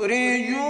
تخرجون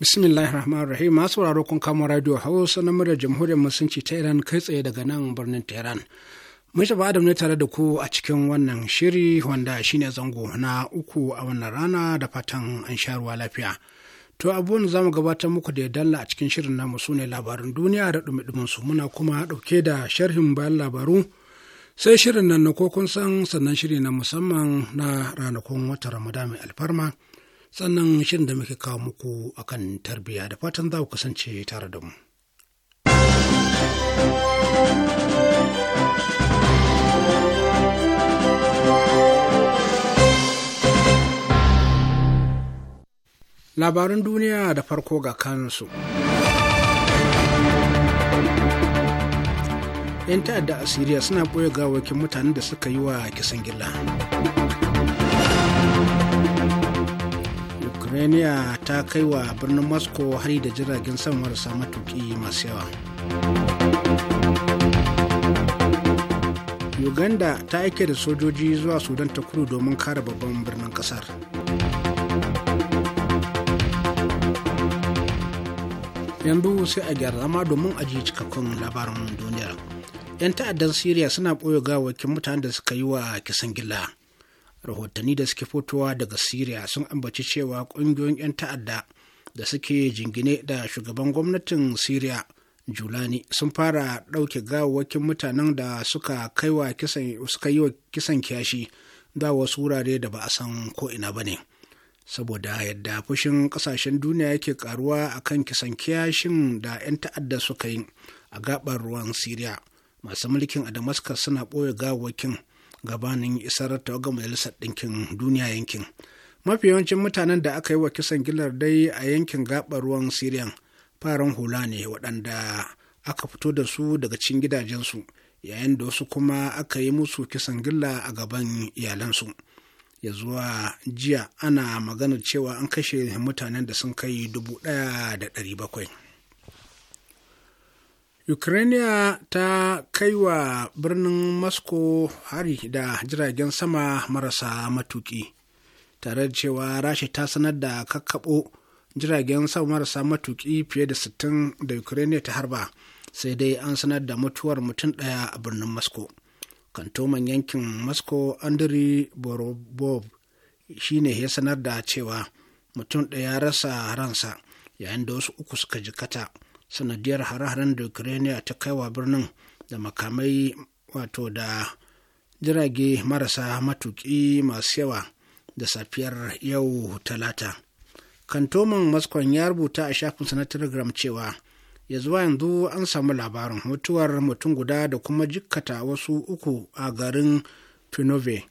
bismillahir rahman rahim masu sauraro kun kama radio hausa na murar jamhuriyar musulunci ta iran kai tsaye daga nan birnin tehran shafa Adam ne tare da ku a cikin wannan shiri wanda shine zango na uku a wannan rana da fatan an sha ruwa lafiya. To abubuwan za mu gabatar muku da ya dalla a cikin shirin namu su ne labarin duniya da ɗumi su muna kuma dauke da sharhin bayan labaru sai shirin nan na kokon san sannan shiri na musamman na ranakun wata Ramadan mai alfarma. sannan shirin da muke kawo muku akan tarbiyya da fatan za ku kasance tare da mu. Labarin duniya da farko ga kansu. ‘Yan ta'adda a Siriya suna ɓoye gawakin mutanen da suka yi wa kisan gilla. ukraina ta kai wa birnin moscow hari da jiragen sama marasa matuki masu yawa uganda ta aike da sojoji zuwa sudan ta kudu domin kare babban birnin kasar yanzu sai a gyara zama domin aji cikakkun labarin duniya. 'yan ta'addan syria suna ɓoye gawakin mutanen da suka yi wa kisan gila rahotanni da suke fitowa daga siriya sun ambaci cewa ƙungiyoyin 'yan ta'adda da suke jingine da shugaban gwamnatin siriya julani sun fara ɗauke gawawwakin mutanen da suka kai wa kisan kiyashi da wasu wurare da ba a san ko'ina ba ne saboda yadda fushin ƙasashen duniya yake karuwa kan kisan kiyashin da 'yan ta'adda suka yi a gaɓar ruwan siriya masu mulkin a damascus suna ɓoye gawawwakin gabanin isarar tawagar majalisar ɗinkin duniya yankin mafi yawancin mutanen da aka yi wa kisan gilar dai a yankin gabar ruwan siriyan faran hula ne waɗanda aka fito da su daga cikin gidajensu yayin da wasu kuma aka yi musu kisan gilla a gaban iyalansu ya zuwa jiya ana maganar cewa an kashe mutanen da sun kai dubu ɗaya da ɗari bakwai ukrainiya ta kai wa birnin Moscow hari da jiragen sama marasa matuki, tare da cewa Rasha ta sanar da kakkaɓo jiragen sama marasa matuki fiye da 60 da Ukraine ta harba, sai dai an sanar da mutuwar mutum ɗaya a birnin Moscow. Kantoman yankin Moscow andri Borobov shi ne ya sanar da cewa mutum ɗaya rasa ransa yayin da wasu uku suka jikata. sanadiyar hare-haren da ukraine ta kaiwa birnin da makamai wato da jirage marasa matuki masu yawa da safiyar yau talata kantoman maskon ya rubuta a shafin na telegram cewa ya zuwa yanzu an samu labarin mutuwar mutum guda da kuma jikkata wasu uku a garin finove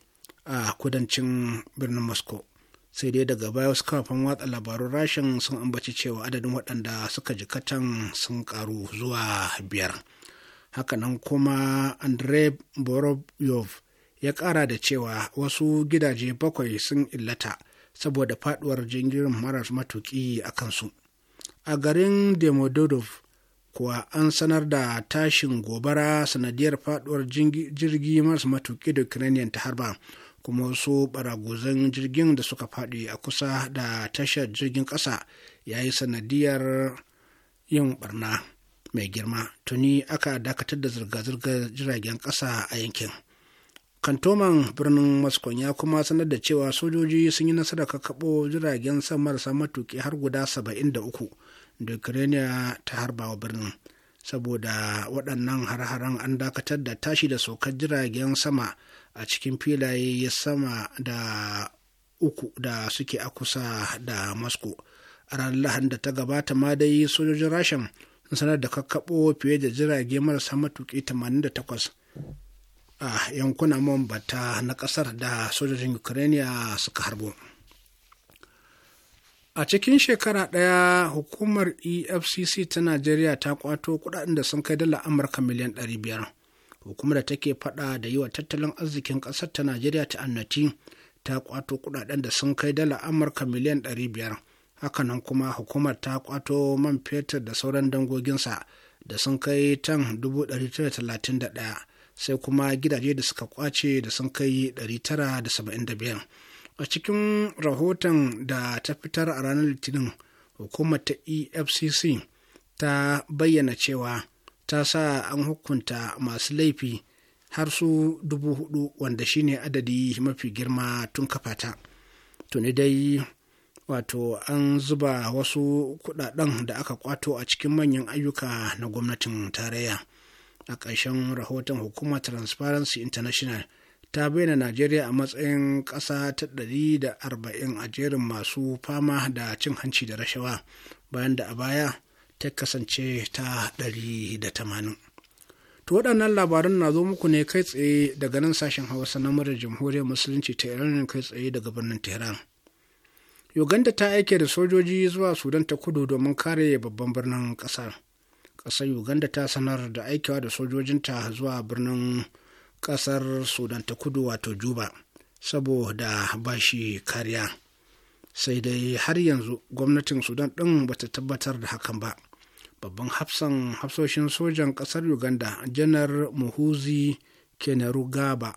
a kudancin birnin moscow sai dai daga baya wasu kafafen watsa labarun rashin sun ambaci cewa adadin waɗanda suka ji jikatan sun karu zuwa biyar hakanan kuma Andrey borobyov ya ƙara da cewa wasu gidaje bakwai sun illata saboda faduwar jirgin marar matuƙi a kansu a garin demododov kuwa an sanar da tashin gobara sanadiyar faduwar jirgi marar matuki da ukrainian ta harba kuma wasu baragozan jirgin da suka faɗi a kusa da tashar jirgin ƙasa ya yi sanadiyar yin barna mai girma tuni aka dakatar da zirga-zirgar jiragen ƙasa a yankin kantoman birnin moscow ya kuma sanar da cewa sojoji sun yi nasarar kakkaɓo jiragen samar marasa matuƙi har guda 73 da ukraine ta harba wa birnin saboda waɗannan har-haren an dakatar da tashi da saukar jiragen sama a cikin filaye ya sama da uku da suke a kusa da moscow a ranar lahan da ta gabata ma dai sojojin rashin sun sanar da kakkaɓo fiye da jirage marasa matuƙi 88 a yankuna mambata na ƙasar da sojojin ukraine suka harbo a cikin shekara ɗaya hukumar efcc ta najeriya ta kwato kudaden da sun kai dala amurka miliyan 500 hukumar da take faɗa da yi wa tattalin arzikin ƙasar ta najeriya ta annati ta kwato kudaden da sun kai dala amurka miliyan 500 hakanan kuma hukumar ta kwato man fetur da sauran dangoginsa da sun kai tan 931 sai kuma gidaje da suka kwace da sun kai 975 a cikin rahoton da ta fitar a ranar litinin hukumar ta efcc ta bayyana cewa ta sa an hukunta masu laifi har su dubu hudu wanda shine adadi mafi girma tun kafata tuni dai wato an zuba wasu kudaden da aka kwato a cikin manyan ayyuka na gwamnatin tarayya a ƙarshen rahoton hukuma transparency international ta bayyana najeriya a matsayin ƙasa ta ɗari da arba'in a jerin masu fama da cin hanci da rashawa bayan da a baya ta kasance ta ɗari 180 to waɗannan labaran na zo muku ne kai tsaye daga nan sashen hausa na murar jamhuriyar musulunci ta iran kai tsaye daga birnin tehran uganda ta aike da sojoji zuwa sudan ta kudu domin kare babban birnin ƙasar ƙasar uganda ta sanar da aikewa da sojojinta zuwa birnin ƙasar sudan ta kudu wato juba saboda bashi kariya sai dai har yanzu gwamnatin sudan ɗin bata tabbatar da hakan ba babban hafsan hafsoshin sojan ƙasar uganda janar muhuzi kenarugaba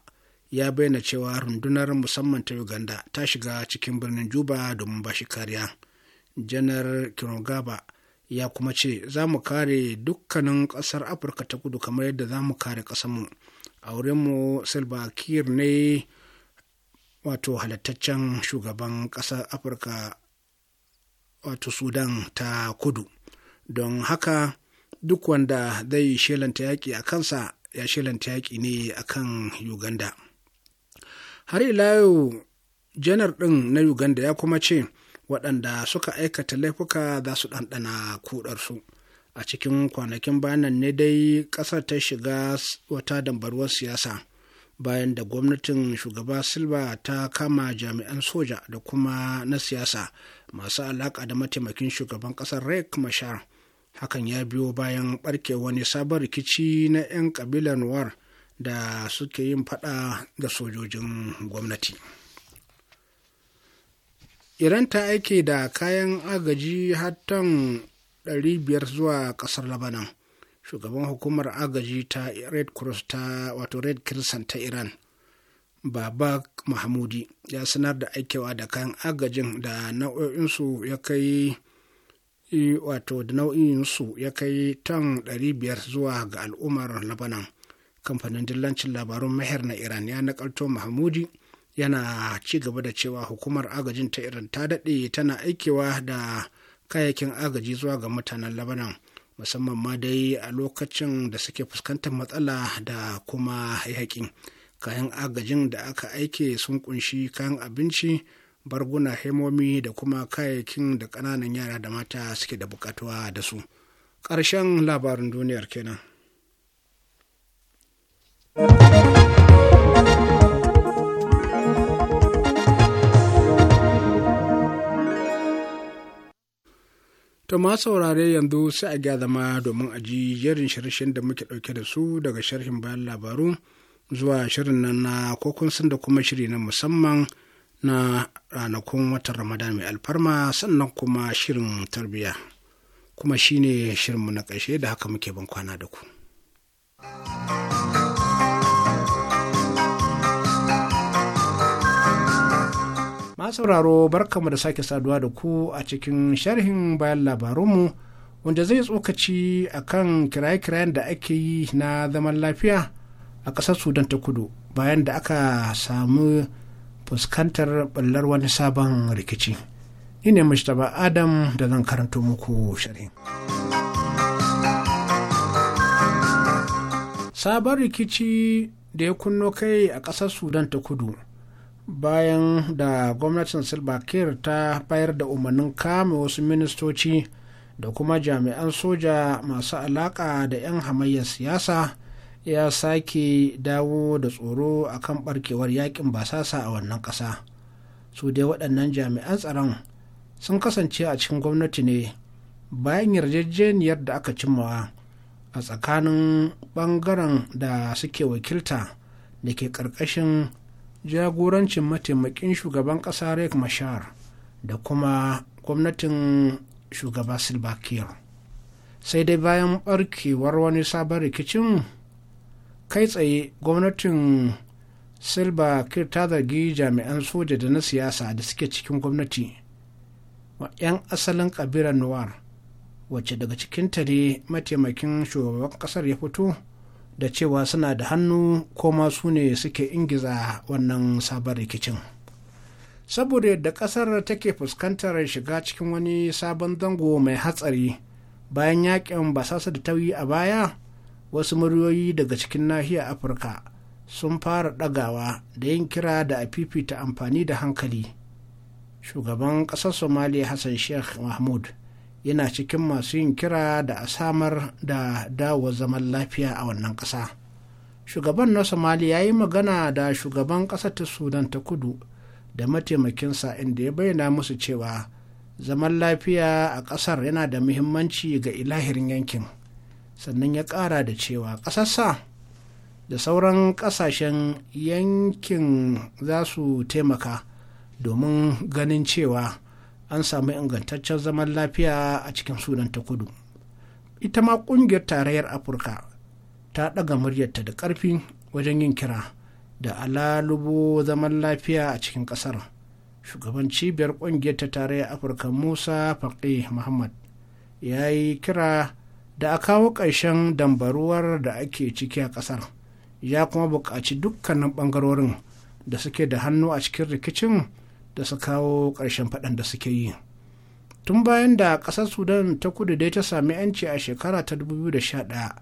ya bayyana cewa rundunar musamman ta uganda ta shiga cikin birnin juba domin ba shi kariya janar kenarugaba ya kuma ce za mu kare dukkanin ƙasar afirka ta kudu kamar yadda za mu kare ƙasarmu a wurinmu silva ne wato halittaccen shugaban ƙasar afirka wato sudan ta kudu don haka duk wanda zai shelanta yaƙi a kansa ya shelanta yaƙi ne a kan uganda har ila yau janar ɗin na uganda ya kuma ce waɗanda suka aikata laifuka za su ɗanɗana kudarsu a cikin kwanakin bayanan ne dai ƙasar ta shiga wata dambarwar siyasa bayan da gwamnatin shugaba silba ta kama jami'an soja da kuma na siyasa masu alaƙa da mataimakin shugaban ƙasar rek mashar hakan ya biyo bayan barke wani sabon rikici na 'yan kabilar war da suke yin fada da sojojin gwamnati iran ta aike da kayan agaji hatan 500 zuwa kasar labanan shugaban hukumar agaji ta red cross ta wato red crescent ta iran baba mahmudi ya sanar da aikewa da kayan agajin da nau'o'insu ya kai wato da nau'insu ya kai tan 500 zuwa ga al'ummar labanan kamfanin dillancin labarun maher na iran ya nakalto mahmudi yana ci gaba da cewa hukumar agajin ta iran ta daɗe tana aikewa da kayayyakin agaji zuwa ga mutanen labanan musamman ma dai a lokacin da suke fuskantar matsala da kuma yaƙi kayan agajin da aka aike sun kunshi kayan abinci barguna hemomi da kuma kayayyakin da ƙananan yara da mata suke da bukatuwa da su ƙarshen labarin duniyar kenan To ma saurare yanzu sai a gya zama domin a ji jerin shirshin da muke ɗauke da su daga sharhin bayan labaru zuwa shirin nan na kokun sun da kuma shiri na musamman na ranakun watan ramadan mai alfarma sannan kuma shirin tarbiyya kuma shine shirinmu na ƙarshe da haka muke ban kwana da ku. Ma sauraro barkamu da sake saduwa da ku a cikin sharhin bayan labarunmu wanda zai tsokaci a kan kiraye-kirayen da ake yi na zaman lafiya a ƙasar sudan ta kudu bayan da aka samu fuskantar ɓallar wani sabon rikici ni ne mashtaba adam da zan karanto muku sharhin sabon rikici da ya kunno kai a ƙasar sudan ta kudu bayan da gwamnatin silva ta bayar da umarnin kame wasu ministoci da kuma jami'an soja masu alaƙa da 'yan hamayyar siyasa ya sake dawo da tsoro a kan barkewar yakin basasa a wannan ƙasa su dai waɗannan jami'an tsaron sun kasance a cikin gwamnati ne bayan yarjejeniyar da aka cimmawa a tsakanin ɓangaren da suke wakilta da ke ƙarƙashin jagorancin mataimakin shugaban ƙasa Rek, Mashar da kuma gwamnatin shugaba Silva Sai dai bayan ɓarkewar wani sabon rikicin kai tsaye gwamnatin silba kir ta zargi jami'an soja da na siyasa da suke cikin gwamnati wa 'yan asalin kabilar noir wacce daga cikin ne mataimakin shugaban kasar ya fito da cewa suna da hannu ko su ne suke ingiza wannan sabon rikicin saboda yadda kasar take fuskantar shiga cikin wani sabon zango mai hatsari bayan yakin basasa da tauyi a baya wasu muryoyi daga cikin nahiyar afirka sun fara ɗagawa da yin kira da a fifita amfani da hankali shugaban ƙasar somaliya hassan sheikh mahmud yana cikin masu yin kira da a samar da dawo zaman lafiya a wannan ƙasa shugaban na somaliya ya yi magana da shugaban ƙasar ta sudan ta kudu da mataimakinsa inda ya bayyana musu cewa zaman lafiya a ƙasar yana da muhimmanci ga ilahirin yankin. sannan ya ƙara da cewa ƙasarsa da sauran ƙasashen yankin za su taimaka domin ganin cewa an samu ingantaccen zaman lafiya a cikin sudan ta kudu ita ma ƙungiyar tarayyar afirka ta ɗaga muryarta da ƙarfi wajen yin kira da alalubo zaman lafiya a cikin ƙasar shugaban cibiyar ƙungiyar ta tarayyar afirka musa faƙi muhammad ya yi kira da a kawo ƙarshen dambaruwar da ake ciki a ƙasar ya kuma buƙaci dukkanin ɓangarorin da suke da hannu a cikin rikicin da su kawo ƙarshen faɗan da suke yi tun bayan da ƙasar sudan ta kudu dai ta sami 'yanci a shekara ta 2011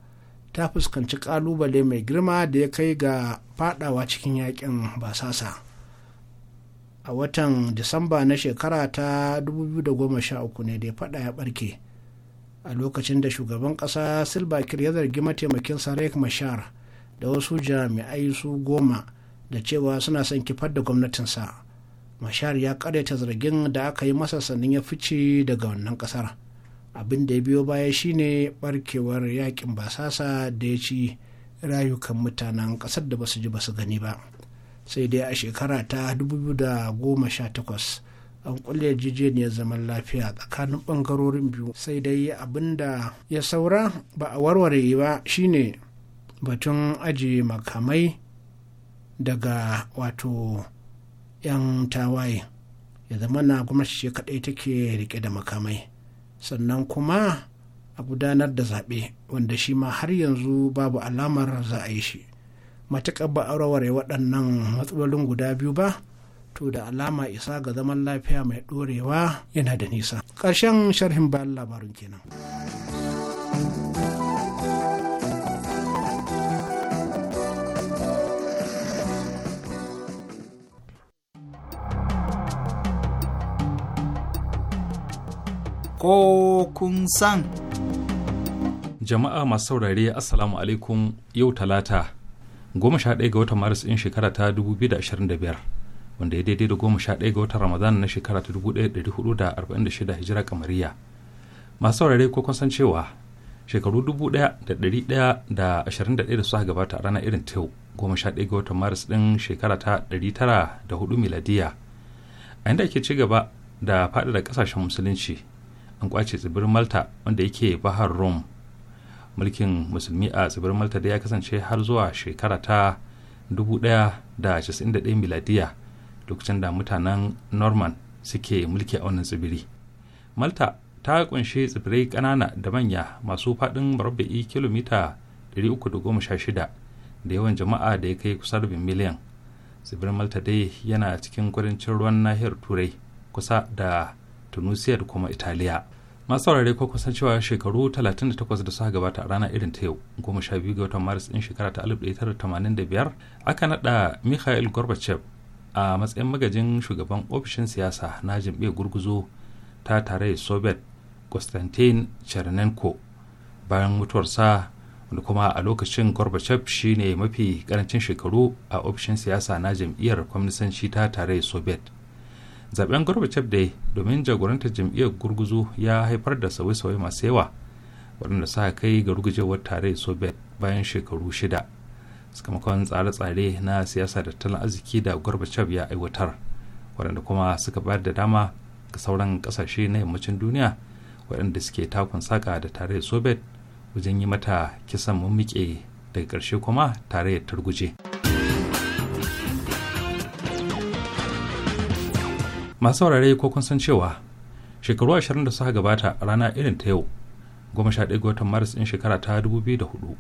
ta fuskanci ƙalubale mai girma da ya kai ga faɗawa cikin yakin basasa a watan disamba na shekara ta 2013 ne da ya faɗa ya ɓarke a lokacin da shugaban ƙasa silbakir kir ya zargi mataimakin sarek mashar da wasu jami'ai su goma da cewa suna son kifar da gwamnatinsa mashar ya karyata zargin da aka yi masa sannan ya fice daga wannan kasar abin da ya biyo baya shine barkewar yakin basasa da ya ci rayukan mutanen kasar da basu ji basu gani ba sai dai a shekara ta 2018 an kulle yarjejeniyar zaman lafiya tsakanin bangarorin biyu sai dai abin da ya saura ba a warware ba shine batun ajiye makamai daga wato 'yan tawaye ya zama na gwamnati ce kadai take rike da makamai sannan kuma a gudanar da zaɓe wanda shi ma har yanzu babu alamar za a yi shi matuƙar ba a warware waɗannan matsalolin guda biyu ba to da alama isa ga zaman lafiya mai ɗorewa yana da nisa ƙarshen sharhin bayan labarin kenan. ko kun san. Jama'a masu saurare Assalamu alaikum yau talata goma sha ɗaya ga watan Maris ɗin shekara ta da biyar. wanda ya daidai da goma sha ɗaya ga watan ramadan na shekara ta dubu ɗaya ɗari hudu da arba'in da shida hijira kamariya masu saurare ko kun san cewa shekaru dubu ɗaya da ɗari ɗaya da ashirin da ɗaya da suka gabata a ranar irin ta goma sha ɗaya ga watan maris ɗin shekara ta ɗari tara da hudu miladiya a inda ake ci gaba da faɗi da ƙasashen musulunci an kwace tsibirin malta wanda yake bahar rom mulkin musulmi a tsibirin malta da ya kasance har zuwa shekara ta dubu ɗaya 1091 miladiya lokacin da mutanen norman suke mulki a wannan tsibiri malta ta kunshi tsibirai kanana da manya masu faɗin marabba'i kilomita 316 da yawan jama'a da ya kai kusa bin miliyan tsibirin malta dai yana cikin kudancin ruwan nahiyar turai kusa da tunisia da kuma italiya masu saurare ko kusan cewa shekaru 38 da suka gabata a rana irin ta yau goma sha biyu ga watan maris din shekara ta 1985 aka nada mikhail gorbachev a matsayin magajin shugaban ofishin siyasa na jam'iyyar gurguzo ta tare da soviet konstantin chernenko bayan mutuwarsa wanda kuma a lokacin gorbachev shine mafi karancin shekaru a ofishin siyasa na jam'iyyar kwamnisanci ta tare da soviet zaben gorbachev dai domin jagorantar jam'iyyar gurguzu ya haifar da sauye-sauye masu yawa waɗanda sa kai ga rugujewar tare soviet bayan shekaru shida sakamakon tsare-tsare na siyasa da tattalin arziki da gorbachev ya aiwatar waɗanda kuma suka bayar da dama ga sauran ƙasashe na yammacin duniya waɗanda suke takun saka da tare soviet wajen yi mata kisan mummuke daga ƙarshe kuma tare turguje masu saurare ko kun san cewa shekaru ashirin da suka gabata rana irin ta yau 11 ga watan maris ɗin shekara ta 2004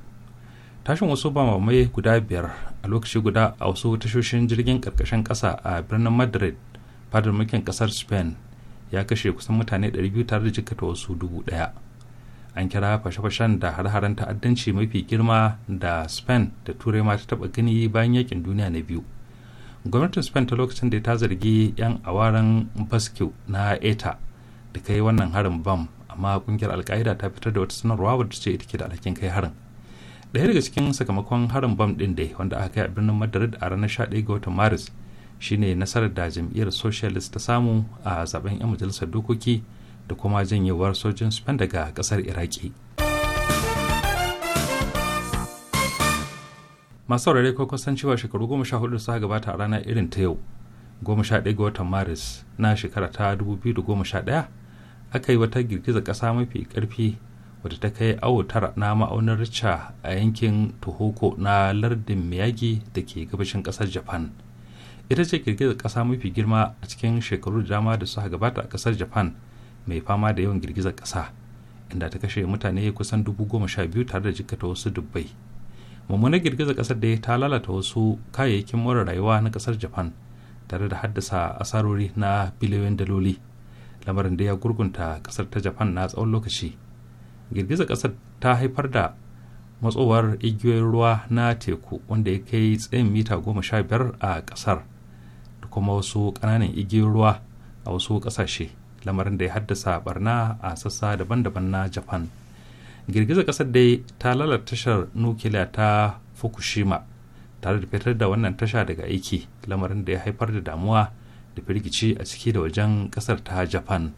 tashin wasu bamamai guda biyar a lokaci guda a wasu tashoshin jirgin karkashin kasa a birnin madrid fadar mulkin kasar spain ya kashe kusan mutane 200 tare da jikata wasu dubu daya an kira fashe-fashen da har-haren ta'addanci mafi girma da spain da turai ma ta taba gani bayan yakin duniya na biyu gwamnatin spain ta lokacin da ta zargi 'yan awaran basque na eta da kai wannan harin bam amma kungiyar alka'ida ta fitar da wata sanarwa wadda ce ita ke da alhakin kai harin ɗaya daga cikin sakamakon harin bam ɗin dai wanda aka kai a birnin madrid a ranar 11 ga watan maris shine nasarar da jam'iyyar socialist ta samu a zaben 'yan majalisar dokoki da kuma janyewar sojin spain daga ƙasar iraki masu saurare ko kusan cewa shekaru goma sha hudu suka gabata a rana irin ta yau goma sha ɗaya ga watan maris na shekara ta dubu biyu da goma sha ɗaya aka yi wata girgiza ƙasa mafi ƙarfi wadda ta kai awo tara na ma'aunin richa a yankin tohoko na lardin miyagi da ke gabashin kasar japan ita ce girgizar kasa mafi girma a cikin shekaru da dama da suka gabata a kasar japan mai fama da yawan girgizar kasa inda ta kashe mutane kusan dubu goma sha biyu tare da jikkata wasu dubbai mummunar girgizar kasar da ta lalata wasu kayayyakin more rayuwa na kasar japan tare da haddasa asarori na biliyoyin daloli lamarin da ya gurgunta kasar ta japan na tsawon lokaci girgizar ƙasar ta haifar da matsowar igiyoyin ruwa na teku wanda ya kai tsayin mita goma sha biyar a ƙasar da kuma wasu ƙananan igiyoyin ruwa a wasu ƙasashe lamarin da ya haddasa barna a sassa daban-daban na japan girgizar ƙasar dai ta lalata tashar nukiliya ta fukushima tare da fitar da wannan tasha daga aiki lamarin da ya haifar da damuwa da firgici a ciki da wajen ƙasar ta japan.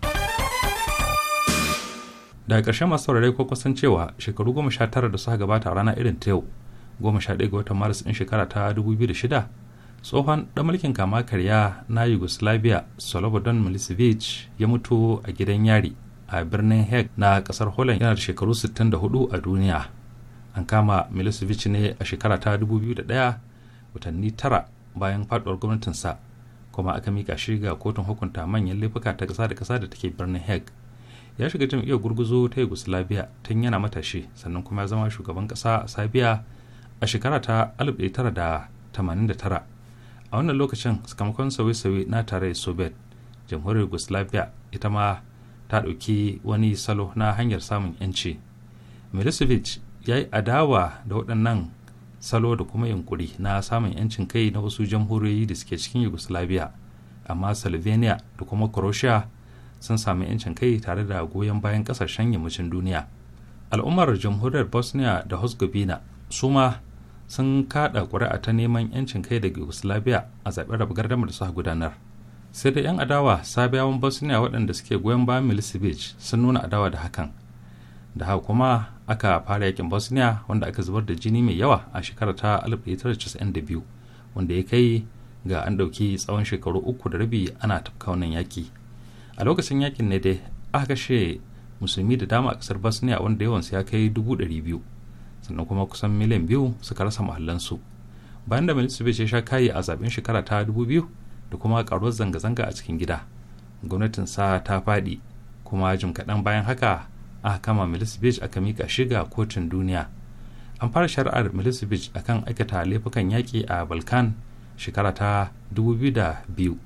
daga ƙarshe masu saurare ko kusan cewa shekaru goma sha tara da suka gabata a rana irin ta yau goma sha ɗaya ga watan maris ɗin shekara ta dubu biyu da shida tsohon ɗan mulkin kama karya na yugoslavia slobodan milicevic ya mutu a gidan yari a birnin hek na ƙasar holland yana da shekaru 64 a duniya an kama milicevic ne a shekara ta ɗaya watanni tara bayan faduwar gwamnatinsa kuma aka mika shi ga kotun hukunta manyan laifuka ta ƙasa da kasa da take birnin hague ya shiga jam'iyyar gurguzo ta yugoslavia tun yana matashi sannan kuma ya zama shugaban kasa a sabiya a shekara ta 1989 a wannan lokacin sakamakon sauye-sauye na tare soviet jamhuriyar yugoslavia ita ma ta ɗauki wani salo na hanyar samun yanci milosevic ya yi adawa da waɗannan salo da kuma yunkuri na samun yancin kai na wasu jamhuriyoyi da suke cikin yugoslavia amma slovenia da kuma croatia sun sami 'yancin kai tare da goyon bayan kasashen yammacin duniya al'ummar jamhuriyar bosnia da herzegovina su ma sun kada ƙuri'a ta neman 'yancin kai daga yugoslavia a zaɓen rabu gardamar da suka gudanar sai da 'yan adawa sabiyawan bosnia waɗanda suke goyon bayan milicevic sun nuna adawa da hakan da haka kuma aka fara yakin bosnia wanda aka zubar da jini mai yawa a shekarar ta 1992 wanda ya kai ga an ɗauki tsawon shekaru uku da rabi ana tafka wannan yaki a lokacin yakin ne dai aka kashe musulmi da dama a kasar bosnia wanda yawansu ya kai dubu ɗari biyu sannan kuma kusan miliyan biyu suka rasa mahallansu bayan da milicevic ya sha kayi a zaɓen shekara ta dubu biyu da kuma karuwar zanga-zanga a cikin gida gwamnatin sa ta faɗi kuma jim kaɗan bayan haka aka kama milicevic aka mika shi ga kotun duniya an fara shari'ar milicevic akan aikata laifukan yaƙi a balkan shekara ta dubu biyu da biyu.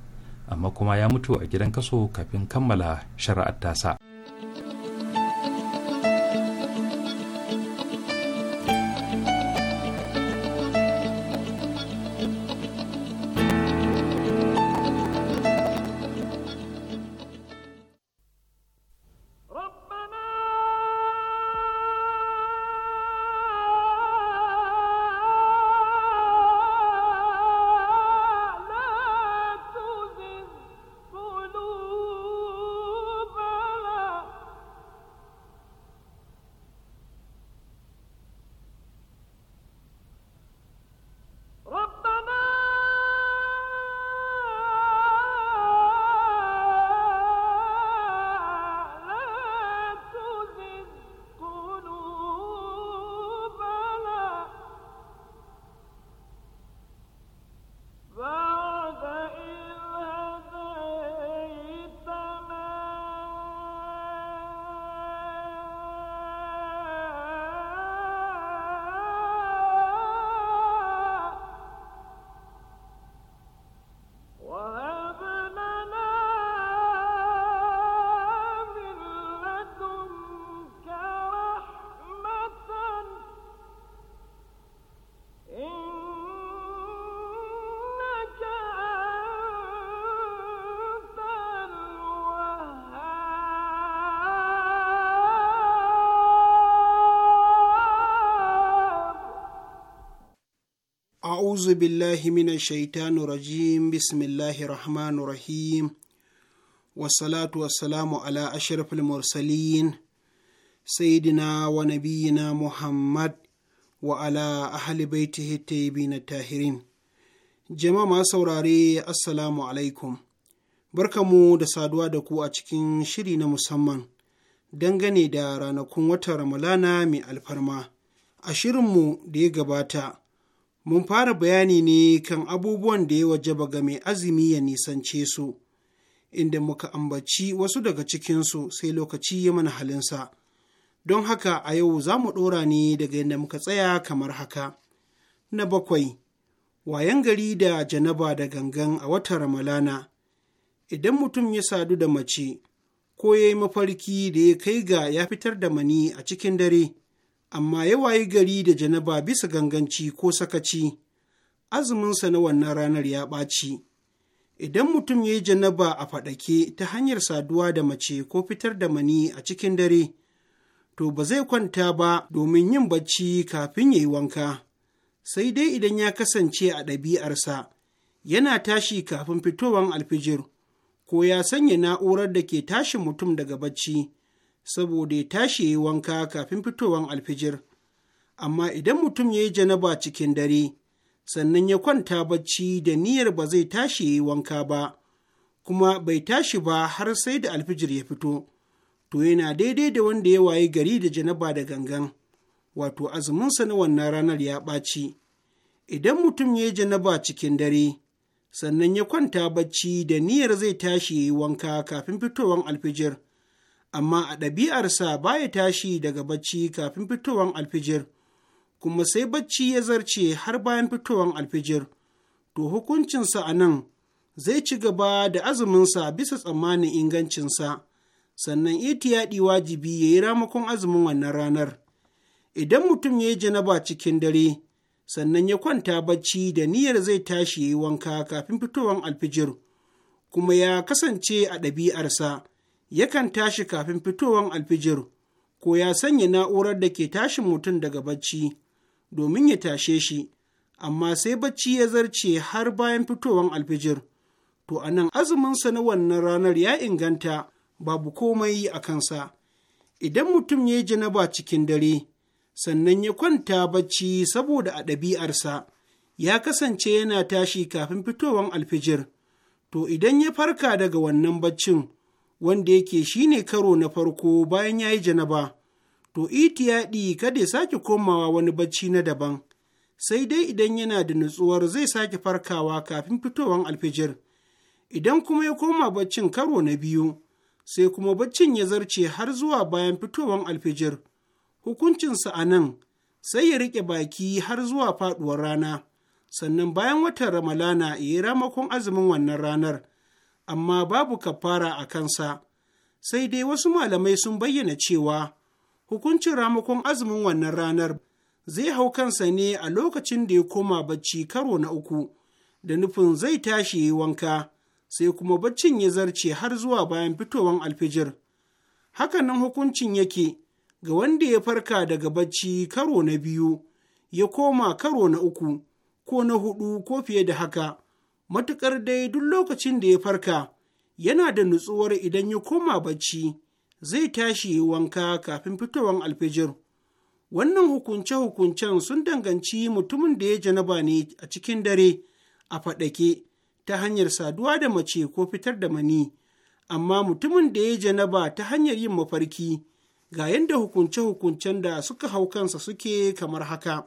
amma kuma ya mutu a gidan kaso kafin kammala shari'ar tasa. أعوذ بالله من الشيطان الرجيم بسم الله الرحمن الرحيم والصلاة والسلام على أشرف المرسلين سيدنا ونبينا محمد وعلى أهل بيته الطيبين الطاهرين جماعة سوراري السلام عليكم barkamu da saduwa da ku a cikin shiri na musamman dangane da ranakun watan ramalana mai alfarma a shirinmu da ya gabata mun fara bayani ne kan abubuwan da ya wajaba ga mai azumi ya nisance su, inda muka ambaci wasu daga cikinsu sai lokaci ya mana halinsa. Don haka a yau za mu ɗora ne daga yadda muka tsaya kamar haka. Na bakwai, wayan gari da janaba da gangan a wata Ramalana, idan mutum ya sadu da mace, ko ya yi mafarki da ya kai ga ya fitar da mani a cikin dare. amma ya wayi gari da janaba bisa ganganci ko sakaci azuminsa na wannan ranar ya ɓaci idan mutum ya yi janaba a faɗake ta hanyar saduwa da mace ko fitar da mani a cikin dare to ba zai kwanta ba domin yin bacci kafin ya yi wanka sai dai idan ya kasance a ɗabi'arsa yana tashi kafin fitowar alfijir ko ya sanya na'urar da ke tashin mutum daga bacci saboda ya tashi ya yi wanka kafin fitowar alfijir amma idan mutum ya yi janaba cikin dare sannan ya kwanta bacci da niyyar ba zai tashi ya yi wanka ba kuma bai tashi ba har sai da alfijir ya fito to yana daidai da wanda ya wayi gari da janaba da gangan wato azuminsa na wannan ranar ya ɓaci idan mutum ya yi janaba cikin dare sannan ya kwanta bacci da niyyar zai tashi ya yi wanka kafin fitowar alfijir amma a ɗabi'arsa baya tashi daga bacci kafin fitowar alfijir, kuma sai bacci ya zarce har bayan fitowar alfijir, to hukuncinsa a nan zai ci gaba da azuminsa bisa tsammanin ingancinsa, sannan itiyaɗi wajibi ya yi ramakon azumin wannan ranar. Idan mutum ya yi janaba cikin dare, sannan ya kwanta bacci da niyyar zai tashi ya yi wanka kafin fitowar alfijir, kuma ya kasance a ɗabi'arsa. yakan tashi kafin fitowar alfijir ko ya sanya na'urar da ke tashin mutum daga bacci domin ya tashe shi amma sai bacci ya zarce har bayan fitowar alfijir to a nan azuminsa na wannan ranar ya inganta babu komai a kansa idan mutum ya yi janaba cikin dare sannan ya kwanta bacci saboda a ɗabi'arsa ya kasance yana tashi kafin fitowar alfijir to idan ya farka daga wannan baccin wanda yake shine karo na farko bayan ya yi janaba, to itiyaɗi kada ya sake komawa wani bacci na daban, sai dai idan yana da nutsuwar zai sake farkawa kafin fitowar alfijir. Idan kuma ya koma baccin karo na biyu, sai kuma baccin ya zarce har zuwa bayan fitowar alfijir. Hukuncinsa a nan sai ya riƙe baki har zuwa faɗuwar rana, sannan bayan watan Ramalana ya yi ramakon azumin wannan ranar. amma babu kafara a kansa, sai dai wasu malamai sun bayyana cewa hukuncin ramakon azumin wannan ranar zai hau kansa ne a lokacin da ya koma bacci karo na uku, da nufin zai tashi wanka, sai kuma baccin ya zarce har zuwa bayan fitowar alfijir. Hakanan hukuncin yake ga wanda ya farka daga bacci karo na biyu, ya koma karo na uku, ko na hudu ko fiye da haka. Matukar dai duk lokacin da ya farka yana da nutsuwar idan ya koma bacci zai tashi wanka kafin fitowar alfijir wannan hukunce-hukuncen sun danganci mutumin da ya janaba ne a cikin dare a faɗake ta hanyar saduwa da mace ko fitar da mani amma mutumin da ya janaba ta hanyar yin mafarki ga yadda hukunce-hukuncen da suka hau kansa suke kamar haka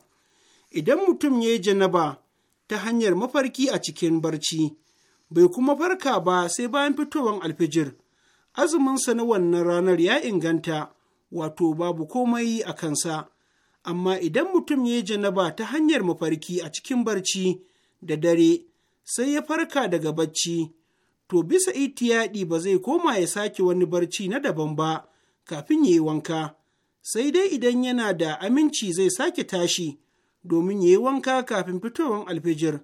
idan mutum ya yi janaba ta hanyar mafarki a cikin barci bai kuma farka ba sai bayan fitowar alfijir azuminsa na wannan ranar ya inganta wato babu komai a kansa amma idan mutum ya yi janaba ta hanyar mafarki a cikin barci da dare sai ya farka daga barci, to bisa itiyaɗi ba zai koma ya sake wani barci na daban ba kafin ya yi wanka sai dai idan yana da aminci zai sake tashi domin ya yi wanka kafin fitowar alfijir.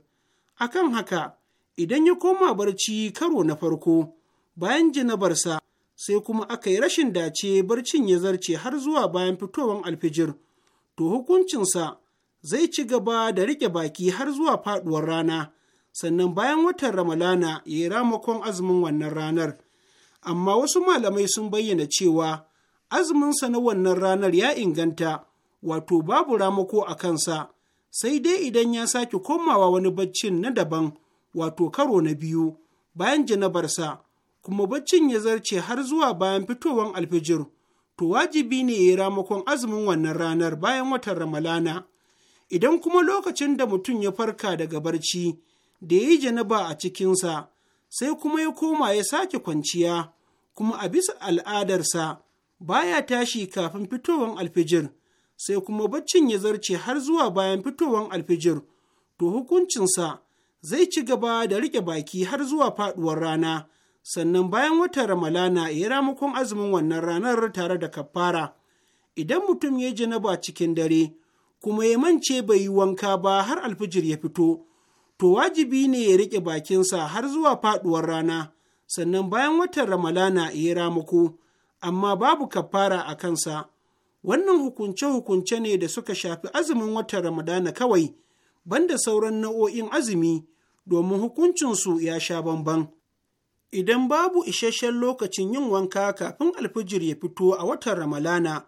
Akan haka, idan ya koma barci karo na farko, bayan janabarsa sai kuma aka yi rashin dace barcin ya zarce har zuwa bayan fitowar alfijir, to hukuncinsa zai ci gaba da riƙe baki har zuwa faɗuwar rana, sannan bayan watan Ramalana ya yi ramakon azumin wannan ranar. Amma wasu malamai sun bayyana cewa azuminsa na wannan ranar ya inganta. wato babu ramako a kansa, sai dai idan ya sake komawa wani baccin na daban, wato karo na biyu, bayan janabarsa, kuma baccin ya zarce har zuwa bayan fitowar alfijir, to wajibi ne ya yi ramakon azumin wannan ranar bayan watan Ramalana. Idan kuma lokacin da mutum ya farka daga barci, da ya yi janaba a cikinsa, sai kuma ya koma ya sake kwanciya, kuma a bisa al'adarsa baya tashi kafin fitowar alfijir. sai kuma baccin ya zarce har zuwa bayan fitowar alfijir, to hukuncinsa zai ci gaba da riƙe baki har zuwa faɗuwar rana, sannan bayan watan Ramalana ya ramakon azumin wannan ranar tare da kafara Idan mutum ya ji na ba cikin dare, kuma ya mance bai yi wanka ba har alfijir ya fito, to wajibi ne ya riƙe bakinsa har zuwa faɗuwar rana, sannan bayan watan Ramalana ya ramako, amma babu kafara a kansa. Wannan hukunce-hukunce ne da suka shafi azumin watan Ramadana kawai, banda sauran nau'o'in azumi, domin hukuncinsu ya sha bamban. Idan babu isasshen lokacin yin wanka kafin alfijir ya fito a watan Ramadana,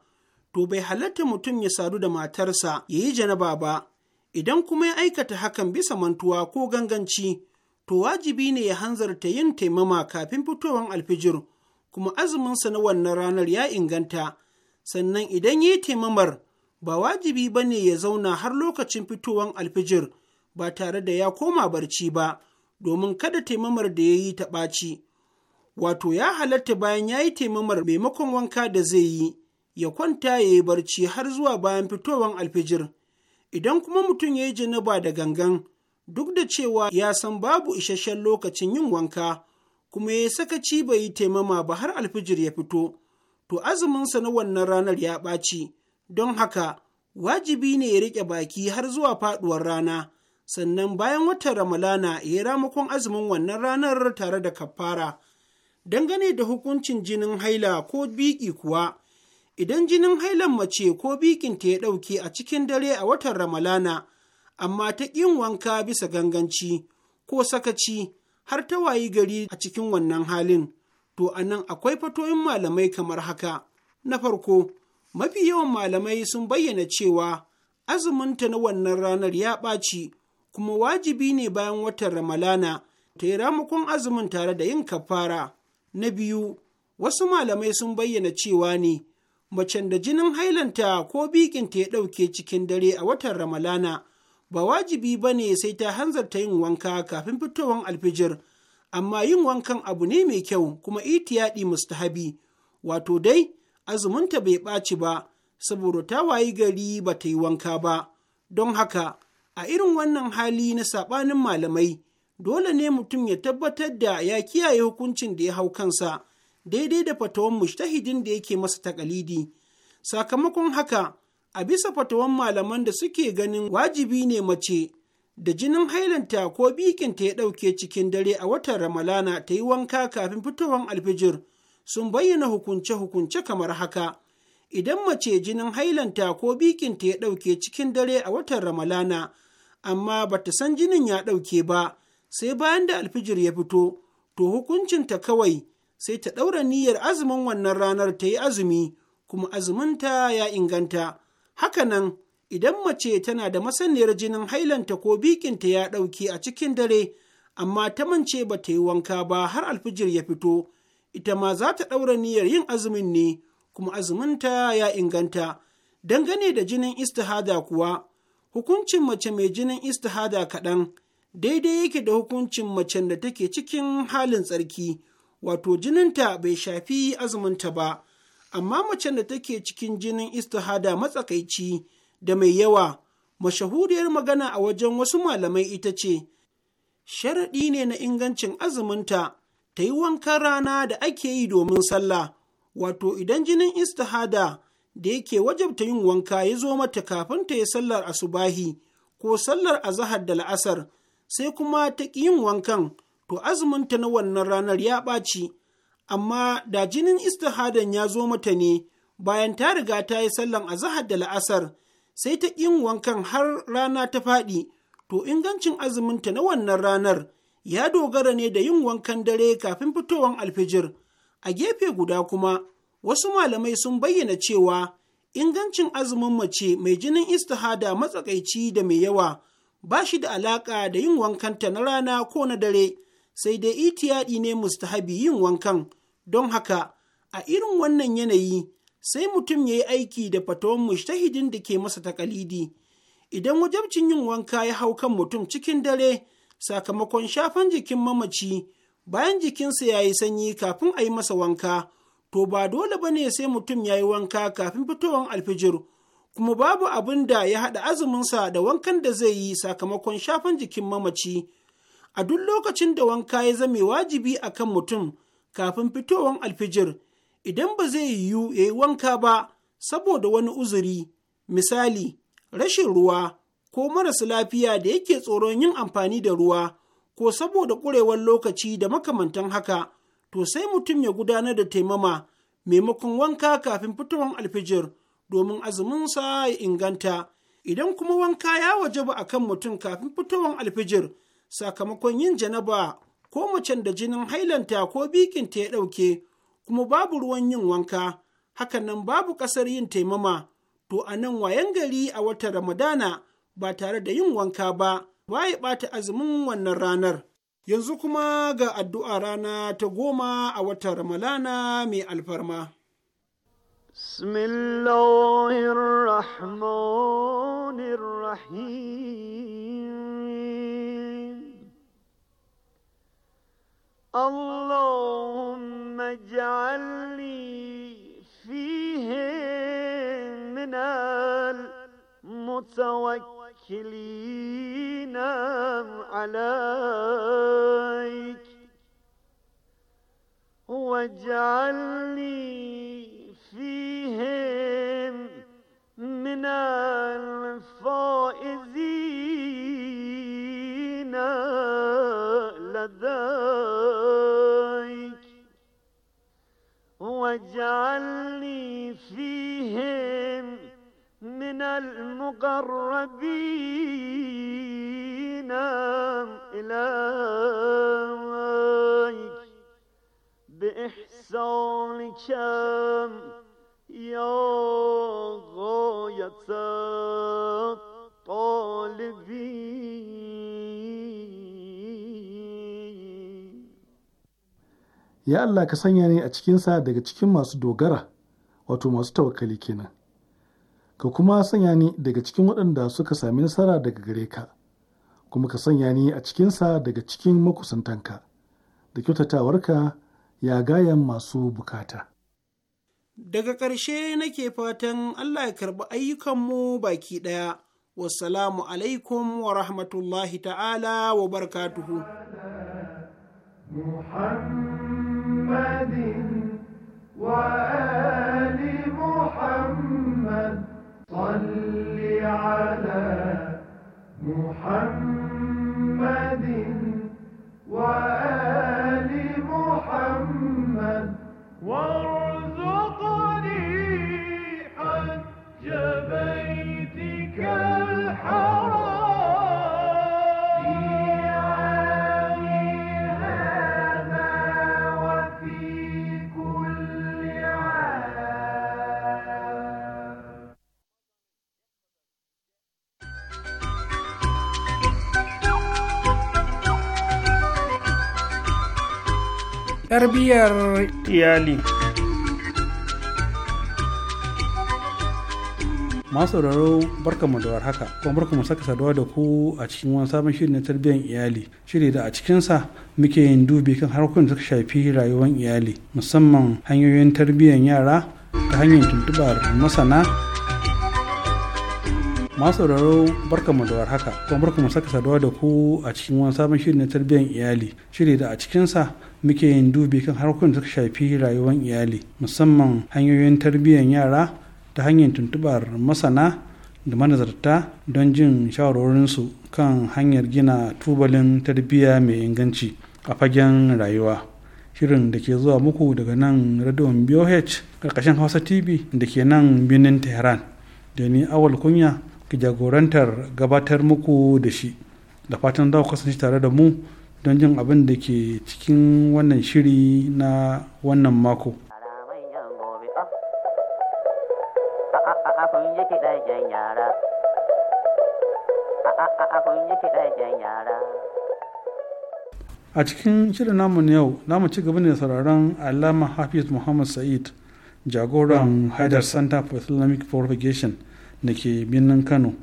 to bai halatta mutum ya sadu da matarsa ya yi janaba ba, idan kuma ya aikata hakan bisa mantuwa ko ganganci, to wajibi ne ya hanzarta yin taimama kafin fitowar alfijir, kuma azuminsa na wannan ranar ya inganta. sannan idan ya yi taimamar ba wajibi ba ne ya zauna har lokacin fitowar alfijir ba tare da ya koma barci ba domin kada taimamar da ya yi ta ɓaci wato ya halatta bayan ya yi taimamar maimakon wanka da zai yi ya kwanta ya yi barci har zuwa bayan fitowar alfijir idan kuma mutum ya yi janaba da gangan duk da cewa ya san babu isasshen lokacin yin wanka kuma ya sakaci bai yi taimama ba har alfijir ya fito to azuminsa na wannan ranar ya ɓaci, don haka wajibi ne ya riƙe baki har zuwa faɗuwar rana, sannan bayan watan Ramalana ya ramakon azumin wannan ranar tare da kaffara. Dangane da hukuncin jinin haila ko biƙi kuwa, idan jinin hailan mace ko biƙinta ya ɗauke a cikin dare a watan Ramalana, amma ta ƙin wanka bisa ganganci ko sakaci har ta wayi gari a cikin wannan halin, to a nan akwai fatoyin malamai kamar haka. Na farko, mafi yawan malamai sun bayyana cewa azuminta na wannan ranar ya ɓaci, kuma wajibi ne bayan watan Ramalana ta yi ramakon azumin tare da yin kafara. Na biyu, wasu malamai sun bayyana cewa ne, macen da jinin hailanta ko bikinta ya ɗauke cikin dare a watan Ramalana, ba wajibi ba ne sai ta hanzarta yin wanka kafin fitowar alfijir. amma yin wankan abu ne mai kyau kuma itiyaɗi mustahabi wato dai azumunta bai ɓaci ba saboda ta wayi gari ba ta yi wanka ba don haka a irin wannan hali na saɓanin malamai dole ne mutum ya tabbatar da ya kiyaye hukuncin da ya hau kansa daidai da fatawan mushtahidin da yake masa takalidi sakamakon haka a bisa fatawan malaman da suke ganin wajibi ne mace da jinin hailanta ko bikinta ya ɗauke cikin dare a watan Ramalana ta yi wanka kafin fitowar alfijir sun bayyana hukunce-hukunce kamar haka. Idan mace jinin hailanta ko bikinta ya ɗauke cikin dare a watan Ramalana, amma ba ta san jinin ya ɗauke ba, sai bayan da alfijir ya fito, to hukuncinta kawai sai ta ɗaura niyyar azumin wannan ranar ta yi azumi, kuma azuminta ya inganta. Hakanan, idan mace tana da masaniyar jinin hailanta ko bikinta ya ɗauki a cikin dare amma ta mance ba ta yi wanka ba har alfijir ya fito ita ma za ta ɗaura niyyar yin azumin ne kuma azuminta ya inganta dangane da jinin istihada kuwa hukuncin mace mai jinin istihada kaɗan daidai yake da hukuncin macen da take cikin halin tsarki wato jininta bai shafi azuminta ba amma macen da take cikin jinin istihada matsakaici da mai yawa mashahuriyar magana a wajen wasu malamai ita ce sharaɗi ne na ingancin azuminta ta yi wankan rana da ake yi domin sallah wato idan jinin istihada da yake wajabta yin wanka ya zo mata kafin ta yi sallar asubahi ko sallar azahar da la'asar sai kuma ta ƙi yin wankan to azuminta na wannan ranar ya ɓaci amma da jinin istihadan ya zo mata ne bayan ta riga ta yi sallan azahar da la'asar sai ta ƙin wankan har rana ta faɗi, to ingancin azuminta na wannan ranar ya dogara ne da yin wankan dare kafin fitowar alfijir. A gefe guda kuma, wasu malamai sun bayyana cewa ingancin azumin mace mai jinin istihada matsakaici da mai yawa ba shi da alaƙa da yin wankanta na rana ko na dare, sai dai itiyaɗi ne mustahabi yin wankan. Don haka, a irin wannan yanayi, sai mutum ya yi aiki da fatawan mushtahidin da ke masa takalidi idan wajabcin yin wanka ya hau kan mutum cikin dare sakamakon shafan jikin mamaci bayan jikinsa ya yi sanyi kafin a yi masa wanka to ba dole ba ne sai mutum ya yi wanka kafin fitowan alfijir kuma babu abin da ya haɗa azuminsa da wankan da zai yi sakamakon shafan jikin mamaci a duk lokacin da wanka ya zame wajibi a kan mutum kafin fitowan alfijir idan ba zai yiwu ya yi wanka ba saboda wani uzuri, misali, rashin ruwa ko marasa lafiya da yake tsoron yin amfani da ruwa ko saboda ƙurewar lokaci da makamantan haka, to sai mutum ya gudanar da taimama maimakon wanka kafin fitowar alfijir domin azuminsa ya inganta. Idan kuma wanka ya wajaba a kan mutum kafin fitowar alfijir sakamakon yin janaba ko macen da jinin hailanta ko bikinta ya ɗauke kuma babu ruwan yin wanka, hakan nan babu ƙasar yin taimama, to a nan wayan gari a watan Ramadana ba tare da yin wanka ba, ba ya ɓata azumin wannan ranar. Yanzu kuma ga addu'a rana ta goma a watan Ramadana mai alfarma. بسم اللهم اجعلني فيه من المتوكلين عليك واجعلني فيهم من الفائزين لديك واجعلني فيهم من المقربين إليك بإحسانك يا غاية الطالبين ya Allah ka sanya ni a cikinsa daga cikin masu dogara wato masu tawakali kenan ka kuma sanya ni daga cikin waɗanda suka sami nasara daga gare ka kuma ka sanya ni a cikinsa daga cikin makusantanka da kyautatawarka ya gayan masu bukata daga ƙarshe nake fatan Allah ya karɓi ayyukanmu baki ɗaya wassalamu alaikum wa rahmatullahi ta'ala wa barkatuhu. Muhammad. محمد وآل محمد صل على محمد وآل محمد وارزقني حج بيتك الحرام tarbiyyar iyali masu sauraro barkamu da warhaka kuma mu saka saduwa da ku a cikin wani sabon shiri na tarbiyyar iyali shiri da a cikinsa muke yin dubi kan harkokin da suka shafi rayuwar iyali musamman hanyoyin tarbiyyar yara ta hanyar tuntubar masana masu sauraro barkanmu da haka kuma barkanmu saka saduwa da ku a cikin wani sabon shiri na tarbiyyar iyali shiri da a cikinsa muke yin dubi kan harkokin da suka shafi rayuwar iyali musamman hanyoyin tarbiyyar yara ta hanyar tuntubar masana da manazarta don jin shawarorinsu kan hanyar gina tubalin tarbiyya mai inganci a fagen rayuwa shirin da ke zuwa muku daga nan radon boh karkashin hausa tv da ke nan birnin tehran da ni awal kunya jagorantar gabatar muku da shi da fatan za ku kasance tare da mu don jin abin da ke cikin wannan shiri na wannan mako. a cikin shirin namu yau namu ci gaba ne sauraron alama hafiz muhammad sa'id jagoran haidar center for islamic propagation da ke birnin kano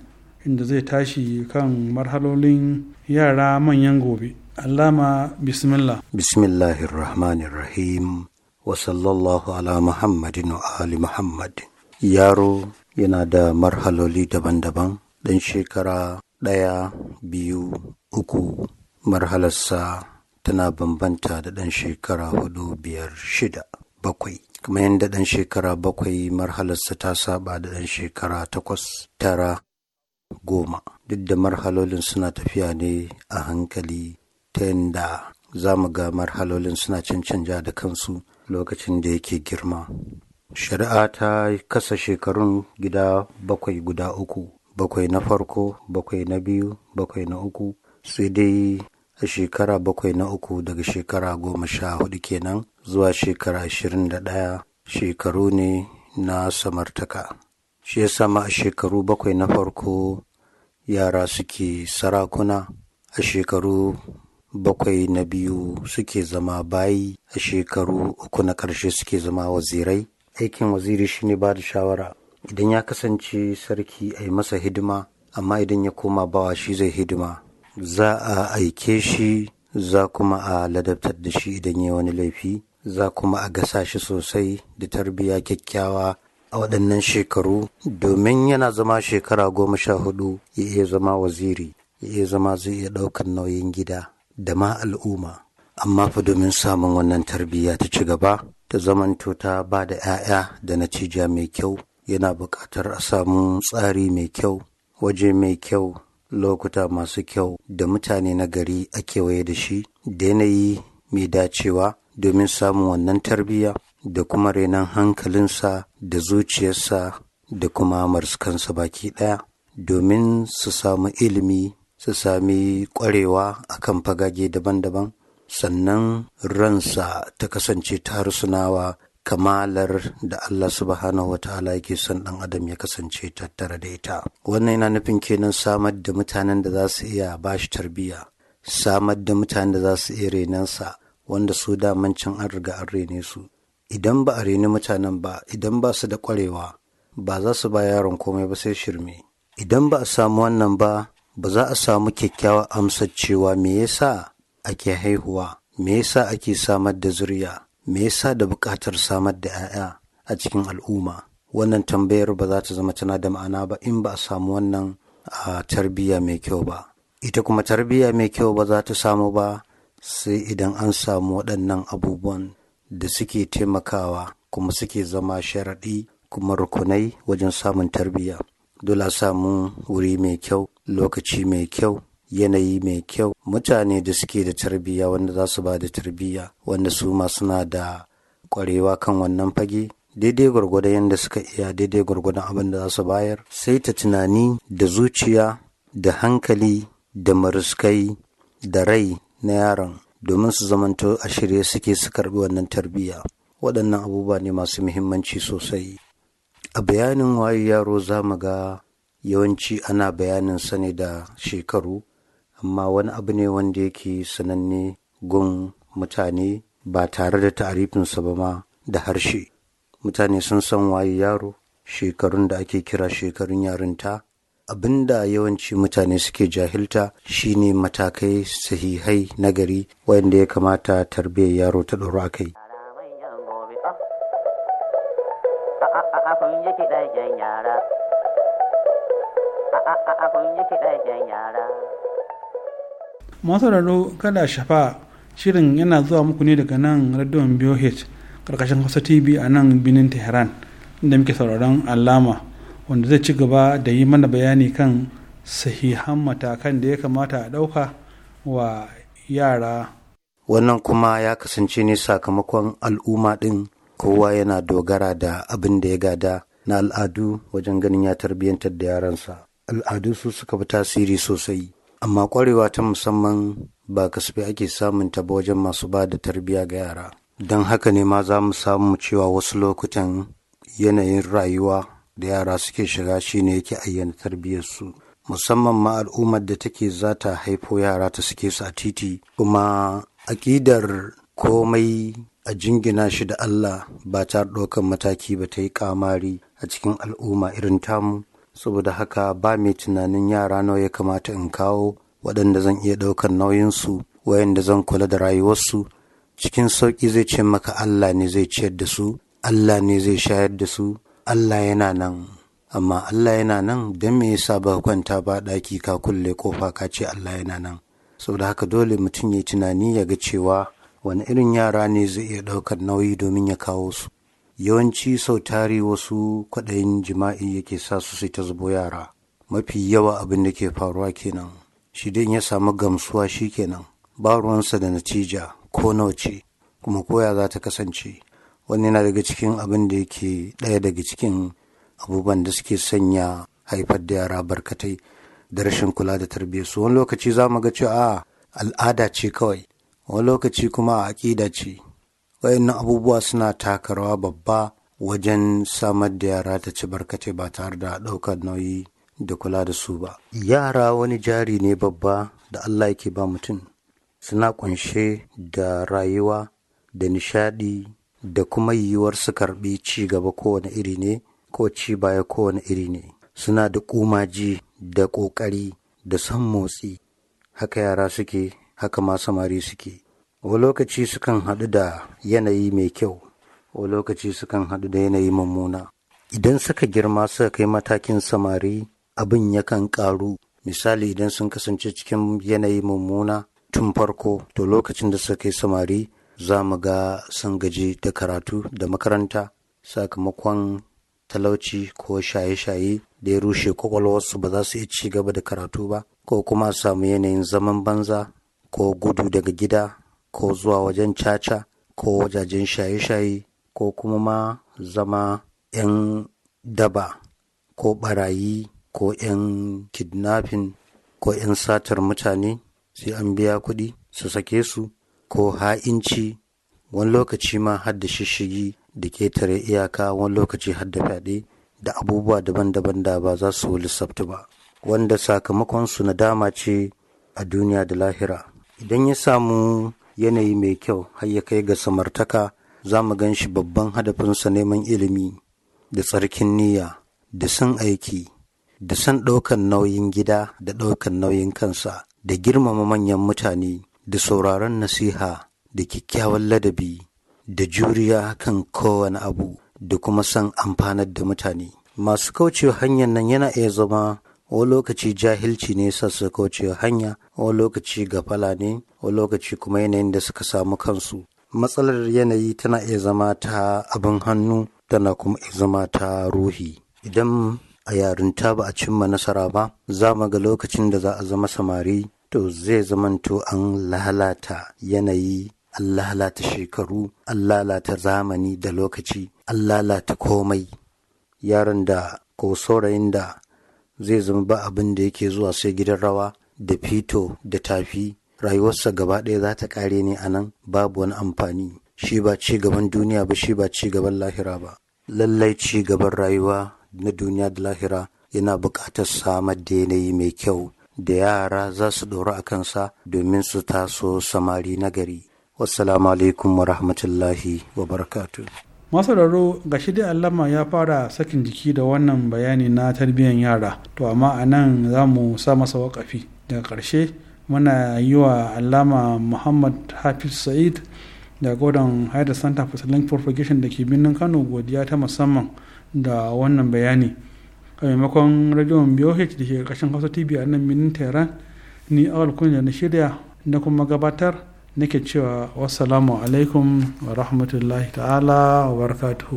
inda zai tashi kan marhalolin yara manyan gobe allama bismillah bismillahirrahmanirrahim wa sallallahu ala muhammadin wa ali muhammad yaro yana da marhaloli daban-daban ɗan shekara ɗaya biyu uku marhalarsa tana bambanta da ɗan shekara hudu biyar shida bakwai kamar yadda ɗan shekara bakwai marhalarsa ta saba da ɗan shekara takwas tara goma duk da marhalolin suna tafiya ne a hankali ta yadda za mu ga marhalolin suna cancanja da kansu lokacin da yake girma shari'a ta kasa shekarun gida bakwai guda uku bakwai na farko bakwai na biyu bakwai na uku sai dai a shekara bakwai na uku daga shekara goma sha hudu kenan zuwa shekara ashirin da ɗaya shekaru ne na samartaka shi ya sama a shekaru bakwai na farko yara suke sarakuna a shekaru bakwai na biyu suke zama bayi a shekaru uku na ƙarshe suke zama wazirai aikin waziri shine ba da shawara idan ya kasance sarki a yi masa hidima amma idan ya koma bawa shi zai hidima za a aike shi za kuma a ladabtar da shi idan ya wani laifi za kuma a gasa shi sosai da tarbiyya kyakkyawa a waɗannan shekaru domin yana zama shekara goma sha hudu ya iya zama waziri ya iya zama zai iya ɗaukar nauyin gida da ma al'umma amma fa domin samun wannan tarbiyya ta ci gaba ta zaman ta ba da 'ya'ya da natija mai kyau yana buƙatar a samu tsari mai kyau waje mai kyau lokuta masu kyau da mutane na gari a kewaye da shi da yanayi mai dacewa domin samun wannan tarbiyya da kuma renon hankalinsa da zuciyarsa da kuma marskansa baki ɗaya domin su samu ilimi su sami ƙwarewa a kan fagage daban-daban sannan ransa ta kasance ta harsunawa kamalar da Allah subhanahu wa ta'ala yake son ɗan adam ya kasance tattara da ita wannan yana nufin kenan samar da mutanen da za su iya bashi tarbiyya samar da mutanen da za su iya renansa wanda su daman cin an riga an rene su idan ba a reni mutanen ba idan ba su da ƙwarewa ba za su ba yaron komai ba sai shirme idan ba a samu wannan ba ba za a samu kyakkyawar amsar cewa me yasa ake haihuwa me yasa ake samar da zuriya me yasa da buƙatar samar da 'ya'ya a cikin al'umma wannan tambayar ba za ta zama tana da ma'ana ba in ba a samu wannan a ah, tarbiyya mai kyau ba ita kuma tarbiyya mai kyau ba za ta samu ba sai idan an samu waɗannan abubuwan da suke taimakawa kuma suke zama sharaɗi kuma rukunai wajen samun tarbiyya dole samu wuri mai kyau lokaci mai kyau yanayi mai kyau mutane da suke da tarbiyya wanda za su ba da tarbiyya wanda su ma suna da ƙwarewa kan wannan fage daidai gwargwadon yadda suka iya daidai gwargwadon abin da za su bayar sai ta tunani da zuciya da hankali da maruskai da rai na yaron domin su zamanto a shirye suke su karbi wannan tarbiyya waɗannan abubuwa ne masu muhimmanci sosai a bayanin waye yaro za mu ga yawanci ana bayanin sa ne da shekaru amma wani abu ne wanda yake sananne gun mutane ba tare da ta'arifinsa ba ma da harshe mutane sun san waye yaro shekarun da ake kira shekarun yarinta abin da yawanci mutane suke jahilta shine matakai sahihai nagari wanda ya kamata tarbiyyar yaro ta ɗoro a kai. masararro kada shafa shirin yana zuwa muku ne daga nan radion h karkashin Hausa TV a nan binin Tehran inda muke sauraron alama wanda zai ci gaba da yi mana bayani kan sahihan matakan da ya kamata a ɗauka wa yara wannan kuma ya kasance ne sakamakon al'umma ɗin kowa yana dogara da abin da ya gada na al'adu wajen ganin ya tarbiyyantar da yaransa al'adu su suka fi tasiri sosai amma kwarewa ta musamman ba kasafi ake samun ta ba wajen masu ba da tarbiyya ga yara don haka ne ma za mu samu cewa wasu lokutan yanayin rayuwa da yara suke shiga shine yake ayyana tarbiyyarsu musamman ma al'ummar da take za ta haifo yara ta suke su a titi kuma aƙidar komai a jingina shi da Allah ba ta ɗaukan mataki ba ta yi ƙamari a cikin al'umma irin tamu saboda haka ba mai tunanin yara nawa ya kamata in kawo waɗanda zan iya ɗaukar nauyinsu wayanda zan kula da rayuwarsu cikin sauƙi zai ce maka Allah ne zai ciyar da su Allah ne zai shayar da su Allah yana nan amma Allah yana nan don me yasa ba kwanta ba ɗaki ka kulle kofa ka ce Allah yana nan saboda haka dole mutum ya tunani ya ga cewa wani irin yara ne zai iya ɗaukar nauyi domin ya kawo su yawanci sau tari wasu kwaɗayin jima'i yake sa su sai ta zubo yara mafi yawa abin da ke faruwa kenan shi dai ya samu gamsuwa shi kenan ba ruwansa da natija ko nawa ce kuma koya za ta kasance wani yana daga cikin abin da yake ɗaya daga cikin abubuwan da suke sanya haifar da yara barkatai da rashin kula da tarbiyyarsu wani lokaci za mu ga cewa al'ada ce kawai wani lokaci kuma a aƙida ce wayannan abubuwa suna taka rawa babba wajen samar da yara ta ci barkatai ba tare da ɗaukar nauyi da kula da su ba yara wani jari ne babba da allah yake ba mutum suna ƙunshe da rayuwa da nishaɗi da kuma yiwuwar su karbi ci gaba kowane iri ne ko ci baya kowane iri ne suna da kumaji da ƙoƙari da son motsi haka yara suke haka ma samari suke wa lokaci sukan haɗu da yanayi mai kyau wa lokaci sukan haɗu da yanayi mummuna idan suka girma suka kai matakin samari abin yakan ƙaru misali idan sun kasance cikin yanayi mummuna tun farko to lokacin da suka kai samari za mu ga sun gaji da karatu da makaranta sakamakon talauci ko shaye-shaye da ya rushe kwakwalwarsu ba za su iya ci gaba da karatu ba ko kuma samu yanayin zaman banza ko gudu daga gida ko zuwa wajen caca ko wajajen shaye-shaye ko kuma ma zama 'yan daba ko barayi ko 'yan kidnapping ko 'yan satar mutane sai an biya kuɗi su sake su ko ha'inci wani lokaci ma har da shishigi da ketare iyaka wani lokaci har da fyaɗe da abubuwa daban-daban da ba za su lissafta ba wanda sakamakonsu nadama ce a duniya da lahira idan ya samu yanayi mai kyau har ya kai ga samartaka za mu gan shi babban hadafinsa neman ilimi da tsarkin niyya da san aiki da san ɗaukan nauyin gida da ɗaukan nauyin kansa da girmama manyan mutane da sauraron nasiha da kyakkyawan ladabi da juriya kan kowane abu da kuma san amfanar da mutane. Masu kaucewa hanyar nan yana iya zama wani lokaci jahilci ne sa su kaucewa hanya, wani lokaci gafala ne, wani lokaci kuma yanayin da suka samu kansu. Matsalar yanayi tana iya zama ta abin hannu tana kuma iya zama ta ruhi. Idan a yarinta ba a cimma nasara ba, za mu ga lokacin da za a zama samari to zai zamanto an lalata yanayi an lalata shekaru an lalata zamani da lokaci an lalata komai yaron da ko saurayin da zai zama ba abin da yake zuwa sai gidan rawa da fito da tafi rayuwarsa gaba ɗaya za ta ƙare ne a nan babu wani amfani shi ba ci gaban duniya ba shi ba ci gaban lahira ba lallai ci gaban rayuwa na duniya da lahira yana buƙatar samar da yanayi mai kyau da yara za su ɗora a kansa domin su taso samari nagari. Wassalamu alaikum wa rahmatullahi wa barakatu. raro ga shi dai allama ya fara sakin jiki da wannan bayani na tarbiyyar yara to amma a nan za mu sa masa wakafi daga ƙarshe muna yi wa allama muhammad hafiz sa'id da gordon haida santa for islamic propagation da ke birnin kano godiya ta musamman da wannan bayani a maimakon rediyon boh da ke kashin hausa tv a nan minin tehran ni awal kunya na shirya na kuma gabatar nake cewa wassalamu alaikum wa rahmatullahi ta'ala wa barkatu.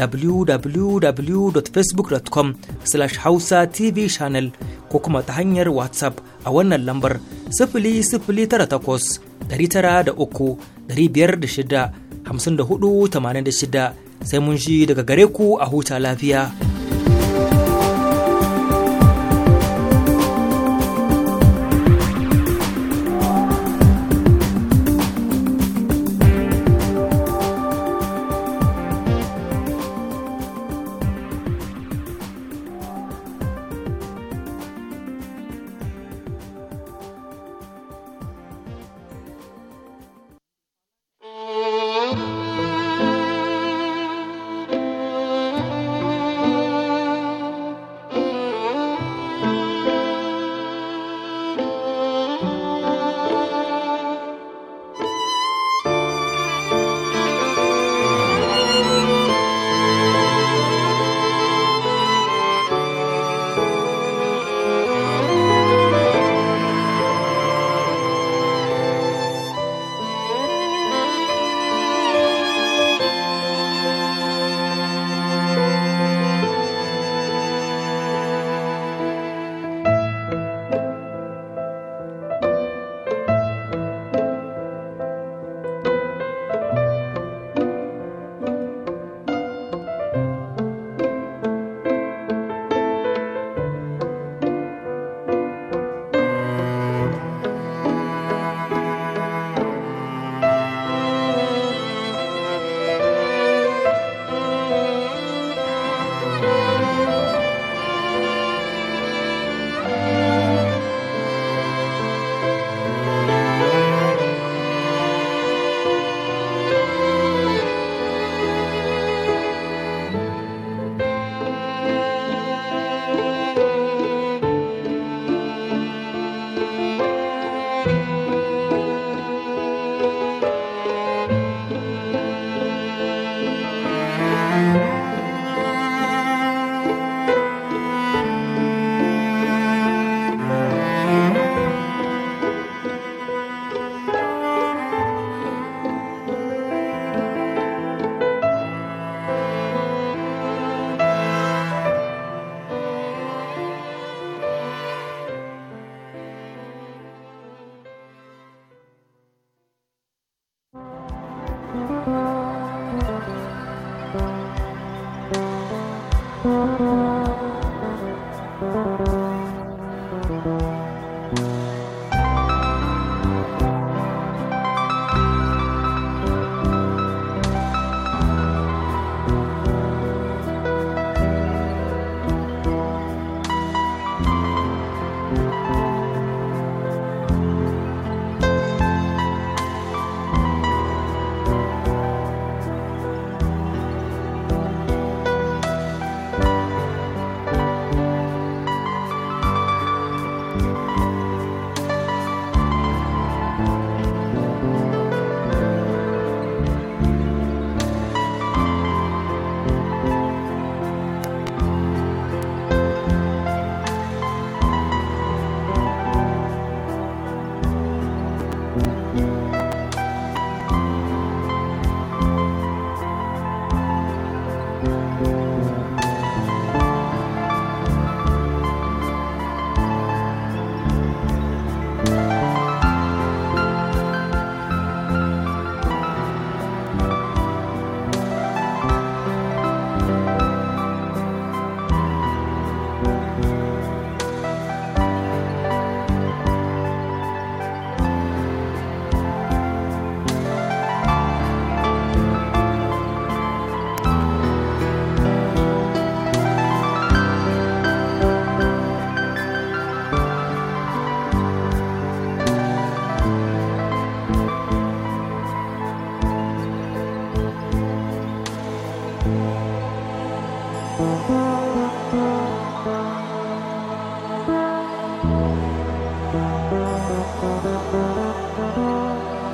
www.facebook.com slash hausa tv channel ko kuma ta hanyar whatsapp a wannan lambar sifili sifili da takwas ɗari tara da uku ɗari shida sai mun shi daga gare ku a huta lafiya.